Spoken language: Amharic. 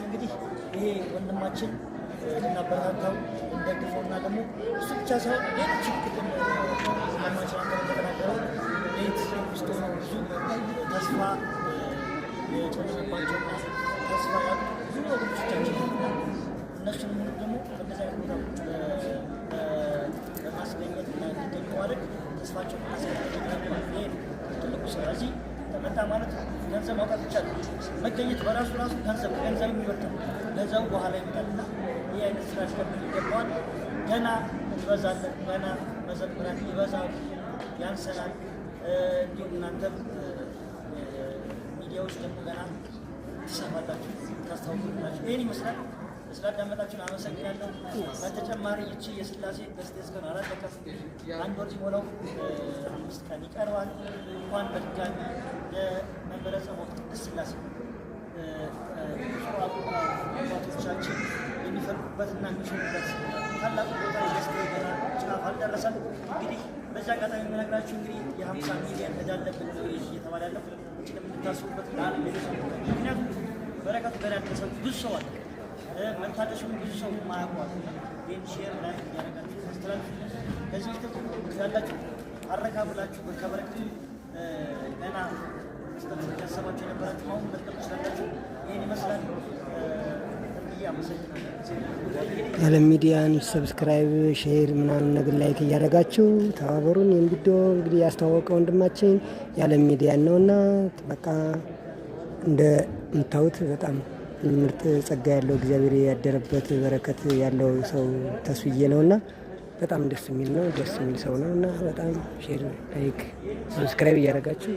እንግዲህ ይሄ ወንድማችን ልናበረታታው እንደግፈው እና ደግሞ እሱ ብቻ ሳይሆን ሌሎች ችግር ማማችን ውስጥ ሆነው ብዙ ተስፋ የተወሰባቸውና ተስፋ ያሉ ብዙ ወገኖቻችን እነሱን ሙሉ ደግሞ በነዚ ቦታ በማስገኘት እና ማድረግ ተስፋቸውን ማስገኘት ይሄ ትልቁ ስራ እዚህ ተመታ ማለት ገንዘብ ማውጣት ይቻላል። መገኘት በራሱ ራሱ ገንዘብ ገንዘብ የሚወርተው ገንዘቡ በኋላ ይመጣልና ይህ አይነት ስራች ከብ ይገባዋል። ገና እንበዛለን፣ ገና መዘምራን ይበዛል፣ ያንሰናል። እንዲሁም እናንተም ሚዲያዎች ደግሞ ገና ትሰማላችሁ፣ ታስታውቁላችሁ። ይህን ይመስላል። ስላዳመጣችሁን አመሰግናለሁ። በተጨማሪ እቺ የስላሴ በስቴስ ቀን አራት ቀን አንድ ወር ሲሞላው አምስት ቀን ይቀርባል። እንኳን በድጋሚ ስላሴ አባቶቻችን የሚፈልጉበትና የሚሸኑበት ታላቁ ቦታ ያስገኝበታል። ጭራፍ አልደረሰም። እንግዲህ በዚህ አጋጣሚ የምነግራችሁ እንግዲህ የሀምሳ ሚሊዮን ዕዳ አለብን እየተባለ ያለው ውጭ ለምንታስቡበት ለዓለም ሌሎች ምክንያቱም በረከቱ ገና ያልደረሰው ብዙ ሰው አለ። መታደሱን ብዙ ሰው ማያውቀዋል። ይህን ሼር ላይ እያደረጋችሁ ታስተላልፍ ከዚህ ውስጥ ያላችሁ አረጋ ብላችሁ ከበረከቱ ገና የዓለም ሚዲያን ሰብስክራይብ፣ ሼር ምናምን ነገር ላይክ እያደረጋችሁ ተባበሩን። ይህን እንግዲህ ያስተዋወቀ ወንድማችን የዓለም ሚዲያን ነውና በቃ እንደምታዩት በጣም ምርጥ ጸጋ ያለው እግዚአብሔር ያደረበት በረከት ያለው ሰው ተስዬ ነውና በጣም ደስ የሚል ነው። ደስ የሚል ሰው ነው እና በጣም ሼር፣ ላይክ፣ ሰብስክራይብ እያደረጋችሁ